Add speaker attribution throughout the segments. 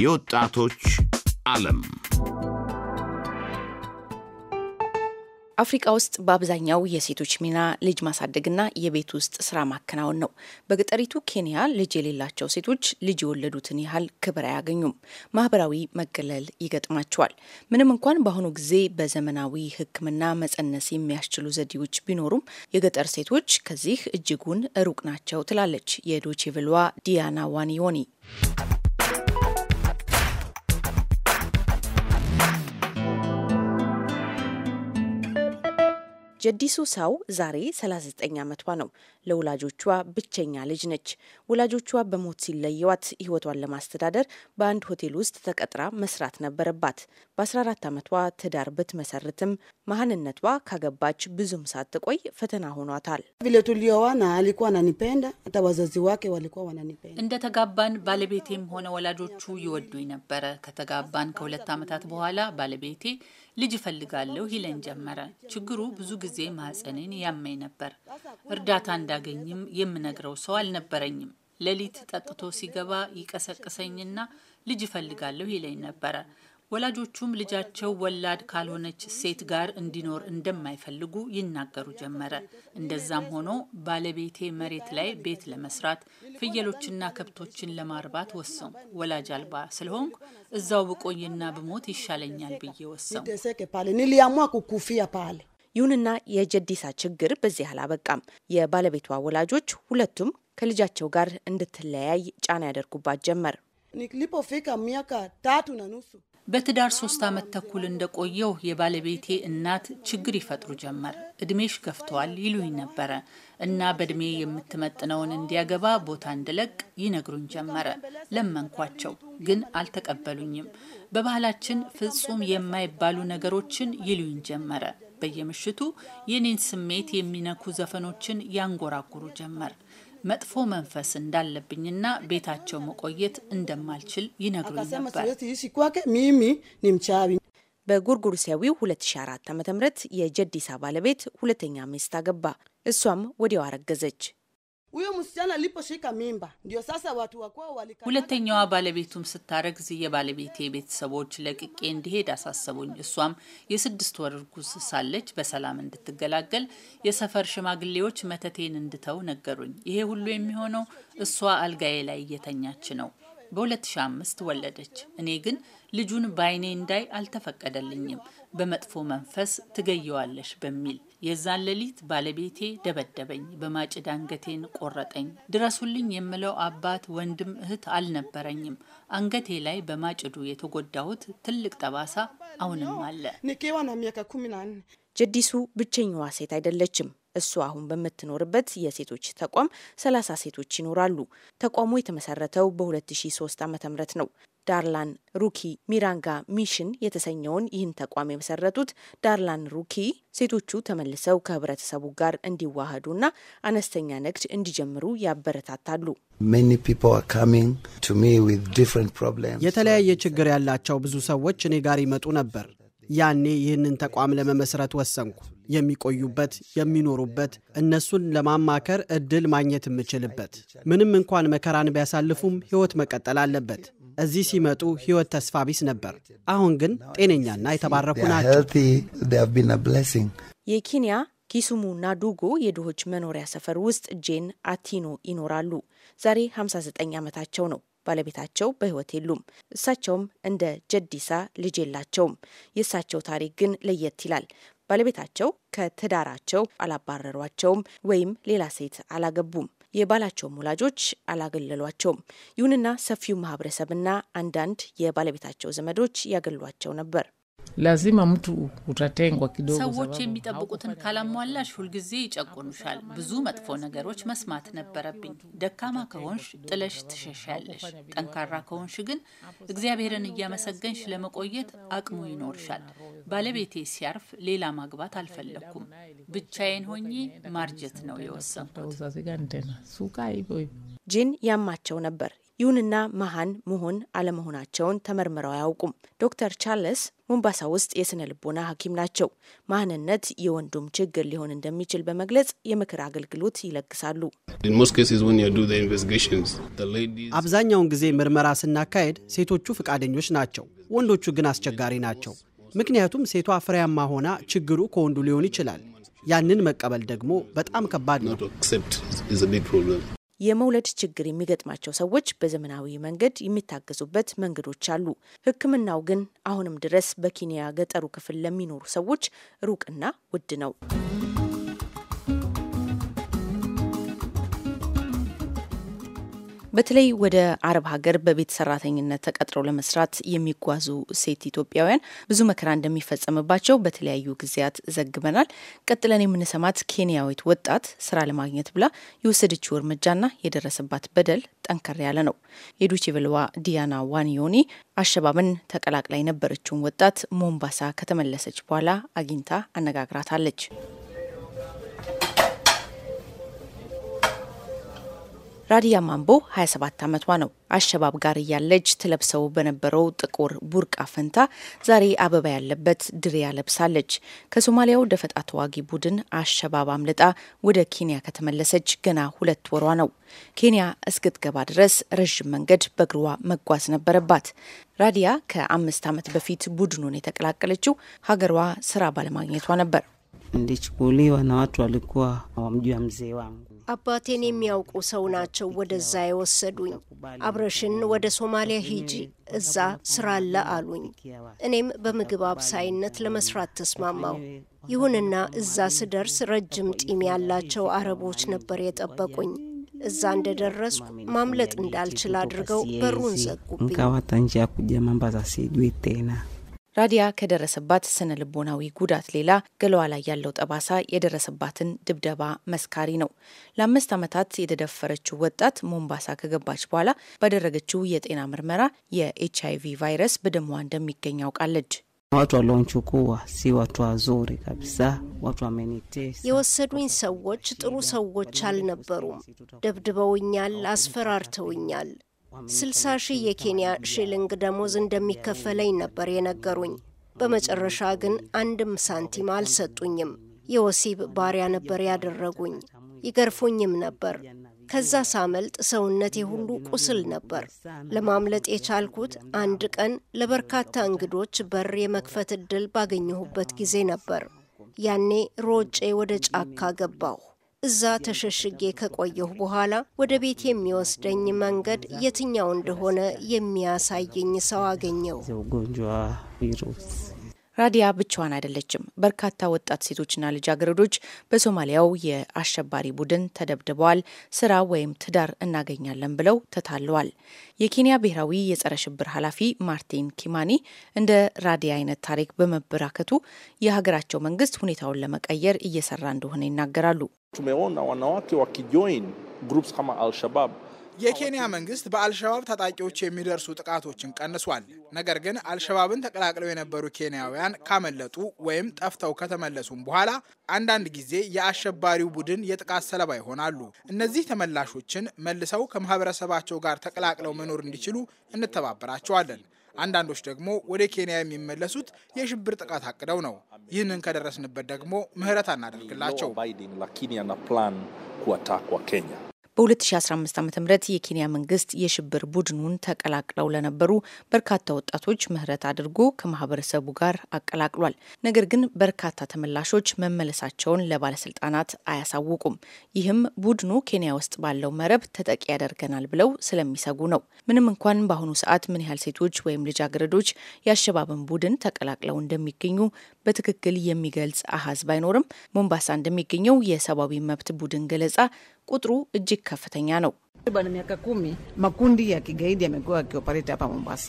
Speaker 1: የወጣቶች ዓለም
Speaker 2: አፍሪካ ውስጥ በአብዛኛው የሴቶች ሚና ልጅ ማሳደግና የቤት ውስጥ ስራ ማከናወን ነው። በገጠሪቱ ኬንያ ልጅ የሌላቸው ሴቶች ልጅ የወለዱትን ያህል ክብር አያገኙም። ማህበራዊ መገለል ይገጥማቸዋል። ምንም እንኳን በአሁኑ ጊዜ በዘመናዊ ሕክምና መጸነስ የሚያስችሉ ዘዴዎች ቢኖሩም የገጠር ሴቶች ከዚህ እጅጉን ሩቅ ናቸው ትላለች የዶቼ ቬለዋ ዲያና ዋኒዮኒ። ጀዲሱ ሰው ዛሬ 39 ዓመቷ ነው። ለወላጆቿ ብቸኛ ልጅ ነች። ወላጆቿ በሞት ሲለየዋት ህይወቷን ለማስተዳደር በአንድ ሆቴል ውስጥ ተቀጥራ መስራት ነበረባት። በ14 ዓመቷ ትዳር ብትመሰርትም መሀንነቷ ካገባች ብዙም ሳትቆይ ፈተና ሆኗታል።
Speaker 3: እንደ ተጋባን ባለቤቴም ሆነ ወላጆቹ ይወዱኝ ነበረ። ከተጋባን ከሁለት ዓመታት በኋላ ባለቤቴ ልጅ እፈልጋለሁ ይለን ጀመረ። ችግሩ ብዙ ጊዜ ጊዜ ማህፀኔን ያመኝ ነበር። እርዳታ እንዳገኝም የምነግረው ሰው አልነበረኝም። ሌሊት ጠጥቶ ሲገባ ይቀሰቅሰኝና ልጅ እፈልጋለሁ ይለኝ ነበረ። ወላጆቹም ልጃቸው ወላድ ካልሆነች ሴት ጋር እንዲኖር እንደማይፈልጉ ይናገሩ ጀመረ። እንደዛም ሆኖ ባለቤቴ መሬት ላይ ቤት ለመስራት ፍየሎችና ከብቶችን ለማርባት ወሰንኩ። ወላጅ አልባ ስለሆንኩ እዛው ብቆይና ብሞት ይሻለኛል ብዬ
Speaker 2: ወሰንኩ። ይሁንና የጀዲሳ ችግር በዚህ አላበቃም። የባለቤቷ ወላጆች ሁለቱም ከልጃቸው ጋር እንድትለያይ ጫና ያደርጉባት ጀመር።
Speaker 3: በትዳር ሶስት ዓመት ተኩል እንደቆየው የባለቤቴ እናት ችግር ይፈጥሩ ጀመር። እድሜሽ ገፍተዋል ይሉኝ ነበረ እና በእድሜ የምትመጥነውን እንዲያገባ ቦታ እንድለቅ ይነግሩኝ ጀመረ። ለመንኳቸው፣ ግን አልተቀበሉኝም። በባህላችን ፍጹም የማይባሉ ነገሮችን ይሉኝ ጀመረ። በየምሽቱ የኔን ስሜት የሚነኩ ዘፈኖችን ያንጎራጉሩ ጀመር። መጥፎ መንፈስ እንዳለብኝና ቤታቸው መቆየት እንደማልችል ይነግሩኝ ነበር።
Speaker 2: በጎርጎሮሳዊው 2004 ም የጀዲሳ ባለቤት ሁለተኛ ሚስት አገባ። እሷም ወዲያው አረገዘች። huyo msichana aliposhika mimba
Speaker 3: ndio sasa watu wakwao walika. ሁለተኛዋ ባለቤቱም ስታረግዝ የባለቤቴ ቤተሰቦች ለቅቄ እንዲሄድ አሳሰቡኝ። እሷም የስድስት ወር እርጉዝ ሳለች በሰላም እንድትገላገል የሰፈር ሽማግሌዎች መተቴን እንድተው ነገሩኝ። ይሄ ሁሉ የሚሆነው እሷ አልጋዬ ላይ እየተኛች ነው። በ2005 ወለደች። እኔ ግን ልጁን በአይኔ እንዳይ አልተፈቀደልኝም። በመጥፎ መንፈስ ትገየዋለሽ በሚል የዛን ሌሊት ባለቤቴ ደበደበኝ፣ በማጭድ አንገቴን ቆረጠኝ። ድረሱልኝ የምለው አባት፣ ወንድም፣ እህት አልነበረኝም። አንገቴ ላይ በማጭዱ የተጎዳሁት ትልቅ ጠባሳ አሁንም አለ።
Speaker 2: ጀዲሱ ብቸኛዋ ሴት አይደለችም። እሱ አሁን በምትኖርበት የሴቶች ተቋም 30 ሴቶች ይኖራሉ። ተቋሙ የተመሰረተው በ2003 ዓ ም ነው። ዳርላን ሩኪ ሚራንጋ ሚሽን የተሰኘውን ይህን ተቋም የመሰረቱት ዳርላን ሩኪ ሴቶቹ ተመልሰው ከህብረተሰቡ ጋር እንዲዋሃዱና አነስተኛ ንግድ እንዲጀምሩ ያበረታታሉ።
Speaker 3: የተለያየ ችግር ያላቸው ብዙ ሰዎች እኔ ጋር ይመጡ ነበር። ያኔ ይህንን ተቋም ለመመስረት ወሰንኩ። የሚቆዩበት፣ የሚኖሩበት፣ እነሱን ለማማከር እድል ማግኘት የምችልበት። ምንም እንኳን መከራን ቢያሳልፉም ሕይወት መቀጠል አለበት። እዚህ ሲመጡ ሕይወት ተስፋ ቢስ ነበር። አሁን ግን ጤነኛና የተባረኩ ናቸው። የኬንያ
Speaker 2: ኪሱሙ እና ዱጎ የድሆች መኖሪያ ሰፈር ውስጥ ጄን አቲኖ ይኖራሉ። ዛሬ 59 ዓመታቸው ነው። ባለቤታቸው በህይወት የሉም። እሳቸውም እንደ ጀዲሳ ልጅ የላቸውም። የእሳቸው ታሪክ ግን ለየት ይላል። ባለቤታቸው ከትዳራቸው አላባረሯቸውም ወይም ሌላ ሴት አላገቡም። የባላቸውም ወላጆች አላገለሏቸውም። ይሁንና ሰፊው ማህበረሰብና አንዳንድ የባለቤታቸው ዘመዶች ያገሏቸው ነበር።
Speaker 3: ለዚህ mtu utatengwa kidogo። ሰዎች የሚጠብቁትን ካላሟላሽ ሁልጊዜ ይጨቁኑሻል። ብዙ መጥፎ ነገሮች መስማት ነበረብኝ። ደካማ ከሆንሽ ጥለሽ ትሸሻለሽ። ጠንካራ ከሆንሽ ግን እግዚአብሔርን እያመሰገንሽ ለመቆየት አቅሙ ይኖርሻል። ባለቤቴ ሲያርፍ ሌላ ማግባት አልፈለግኩም። ብቻዬን ሆኜ ማርጀት ነው የወሰንኩት።
Speaker 2: ጂን ያማቸው ነበር። ይሁንና መሀን መሆን አለመሆናቸውን ተመርምረው አያውቁም። ዶክተር ቻርለስ ሞምባሳ ውስጥ የስነ ልቦና ሐኪም ናቸው። መሀንነት የወንዱም ችግር ሊሆን እንደሚችል በመግለጽ
Speaker 3: የምክር አገልግሎት ይለግሳሉ። አብዛኛውን ጊዜ ምርመራ ስናካሄድ ሴቶቹ ፈቃደኞች ናቸው፣ ወንዶቹ ግን አስቸጋሪ ናቸው። ምክንያቱም ሴቷ ፍሬያማ ሆና ችግሩ ከወንዱ ሊሆን ይችላል። ያንን መቀበል ደግሞ
Speaker 1: በጣም ከባድ ነው።
Speaker 3: የመውለድ ችግር የሚገጥማቸው ሰዎች
Speaker 2: በዘመናዊ መንገድ የሚታገዙበት መንገዶች አሉ። ሕክምናው ግን አሁንም ድረስ በኬንያ ገጠሩ ክፍል ለሚኖሩ ሰዎች ሩቅና ውድ ነው። በተለይ ወደ አረብ ሀገር በቤት ሰራተኝነት ተቀጥረው ለመስራት የሚጓዙ ሴት ኢትዮጵያውያን ብዙ መከራ እንደሚፈጸምባቸው በተለያዩ ጊዜያት ዘግበናል። ቀጥለን የምንሰማት ኬንያዊት ወጣት ስራ ለማግኘት ብላ የወሰደችው እርምጃና የደረሰባት በደል ጠንከር ያለ ነው። የዱችቬልዋ ዲያና ዋንዮኒ አሸባብን ተቀላቅላ የነበረችውን ወጣት ሞምባሳ ከተመለሰች በኋላ አግኝታ አነጋግራታለች። ራዲያ ማንቦ 27 ዓመቷ ነው። አሸባብ ጋር እያለች ትለብሰው በነበረው ጥቁር ቡርቃ ፈንታ ዛሬ አበባ ያለበት ድሪያ ለብሳለች። ከሶማሊያው ደፈጣ ተዋጊ ቡድን አሸባብ አምልጣ ወደ ኬንያ ከተመለሰች ገና ሁለት ወሯ ነው። ኬንያ እስክትገባ ድረስ ረዥም መንገድ በእግሯ መጓዝ ነበረባት። ራዲያ ከአምስት ዓመት በፊት ቡድኑን የተቀላቀለችው ሀገሯ ስራ ባለማግኘቷ ነበር።
Speaker 1: አባቴን የሚያውቁ ሰው ናቸው ወደዛ የወሰዱኝ። አብረሽን ወደ ሶማሊያ ሂጂ፣ እዛ ስራ አለ አሉኝ። እኔም በምግብ አብሳይነት ለመስራት ተስማማው ይሁንና እዛ ስደርስ ረጅም ጢም ያላቸው አረቦች ነበር የጠበቁኝ። እዛ እንደደረስኩ ማምለጥ እንዳልችል አድርገው በሩን ዘጉብኝ።
Speaker 2: ራዲያ ከደረሰባት ስነ ልቦናዊ ጉዳት ሌላ ገለዋ ላይ ያለው ጠባሳ የደረሰባትን ድብደባ መስካሪ ነው። ለአምስት ዓመታት የተደፈረችው ወጣት ሞምባሳ ከገባች በኋላ ባደረገችው የጤና ምርመራ የኤች አይ ቪ ቫይረስ በደሟ እንደሚገኝ አውቃለች።
Speaker 1: የወሰዱኝ ሰዎች ጥሩ ሰዎች አልነበሩም። ደብድበውኛል፣ አስፈራርተውኛል ስልሳ ሺህ የኬንያ ሺሊንግ ደሞዝ እንደሚከፈለኝ ነበር የነገሩኝ። በመጨረሻ ግን አንድም ሳንቲም አልሰጡኝም። የወሲብ ባሪያ ነበር ያደረጉኝ። ይገርፉኝም ነበር። ከዛ ሳመልጥ ሰውነቴ ሁሉ ቁስል ነበር። ለማምለጥ የቻልኩት አንድ ቀን ለበርካታ እንግዶች በር የመክፈት እድል ባገኘሁበት ጊዜ ነበር። ያኔ ሮጬ ወደ ጫካ ገባሁ። እዛ ተሸሽጌ ከቆየሁ በኋላ ወደ ቤት የሚወስደኝ መንገድ የትኛው እንደሆነ የሚያሳየኝ ሰው አገኘው። ራዲያ
Speaker 2: ብቻዋን አይደለችም። በርካታ ወጣት ሴቶችና ልጃገረዶች በሶማሊያው የአሸባሪ ቡድን ተደብድበዋል፣ ስራ ወይም ትዳር እናገኛለን ብለው ተታለዋል። የኬንያ ብሔራዊ የጸረ ሽብር ኃላፊ ማርቲን ኪማኒ እንደ ራዲያ አይነት ታሪክ በመበራከቱ የሀገራቸው መንግስት ሁኔታውን ለመቀየር እየሰራ እንደሆነ ይናገራሉ።
Speaker 1: የኬንያ መንግስት በአልሸባብ ታጣቂዎች የሚደርሱ ጥቃቶችን ቀንሷል። ነገር ግን አልሸባብን ተቀላቅለው የነበሩ ኬንያውያን ካመለጡ ወይም ጠፍተው ከተመለሱም በኋላ አንዳንድ ጊዜ የአሸባሪው ቡድን የጥቃት ሰለባ ይሆናሉ። እነዚህ ተመላሾችን መልሰው ከማህበረሰባቸው ጋር ተቀላቅለው መኖር እንዲችሉ እንተባበራቸዋለን። አንዳንዶች ደግሞ ወደ ኬንያ የሚመለሱት የሽብር ጥቃት አቅደው ነው። ይህንን ከደረስንበት ደግሞ ምህረት አናደርግላቸው።
Speaker 2: በ2015 ዓ ም የኬንያ መንግስት የሽብር ቡድኑን ተቀላቅለው ለነበሩ በርካታ ወጣቶች ምህረት አድርጎ ከማህበረሰቡ ጋር አቀላቅሏል። ነገር ግን በርካታ ተመላሾች መመለሳቸውን ለባለስልጣናት አያሳውቁም። ይህም ቡድኑ ኬንያ ውስጥ ባለው መረብ ተጠቂ ያደርገናል ብለው ስለሚሰጉ ነው። ምንም እንኳን በአሁኑ ሰዓት ምን ያህል ሴቶች ወይም ልጃገረዶች የአሸባብን ቡድን ተቀላቅለው እንደሚገኙ በትክክል የሚገልጽ አሃዝ ባይኖርም ሞምባሳ እንደሚገኘው የሰብአዊ መብት ቡድን ገለጻ ቁጥሩ እጅግ ከፍተኛ ነው። ማኩንዲ ያኪጋይድ ያመጓ ኦፐሬት ሀፓ ሞምባሳ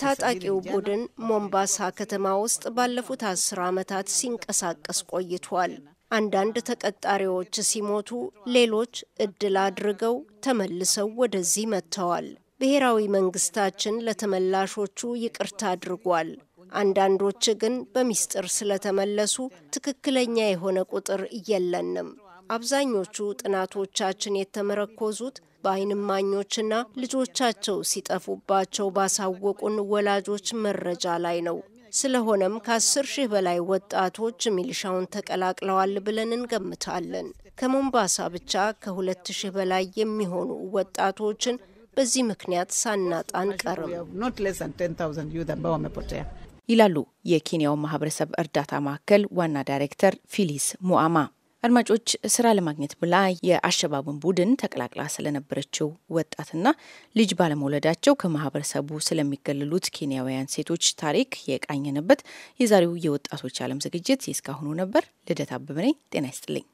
Speaker 1: ታጣቂው ቡድን ሞምባሳ ከተማ ውስጥ ባለፉት አስር ዓመታት ሲንቀሳቀስ ቆይቷል። አንዳንድ ተቀጣሪዎች ሲሞቱ፣ ሌሎች እድል አድርገው ተመልሰው ወደዚህ መጥተዋል። ብሔራዊ መንግስታችን ለተመላሾቹ ይቅርታ አድርጓል። አንዳንዶች ግን በሚስጥር ስለተመለሱ ትክክለኛ የሆነ ቁጥር የለንም። አብዛኞቹ ጥናቶቻችን የተመረኮዙት በአይንማኞችና ልጆቻቸው ሲጠፉባቸው ባሳወቁን ወላጆች መረጃ ላይ ነው። ስለሆነም ከአስር ሺህ በላይ ወጣቶች ሚሊሻውን ተቀላቅለዋል ብለን እንገምታለን። ከሞምባሳ ብቻ ከሁለት ሺህ በላይ የሚሆኑ ወጣቶችን በዚህ ምክንያት ሳናጣ አንቀርም
Speaker 2: ይላሉ የኬንያው ማህበረሰብ እርዳታ ማዕከል ዋና ዳይሬክተር ፊሊስ ሙአማ። አድማጮች ስራ ለማግኘት ብላ የአሸባብን ቡድን ተቀላቅላ ስለነበረችው ወጣትና ልጅ ባለመውለዳቸው ከማህበረሰቡ ስለሚገለሉት ኬንያውያን ሴቶች ታሪክ የቃኘንበት የዛሬው የወጣቶች ዓለም ዝግጅት የእስካሁኑ ነበር። ልደት አበበ ነኝ። ጤና ይስጥልኝ።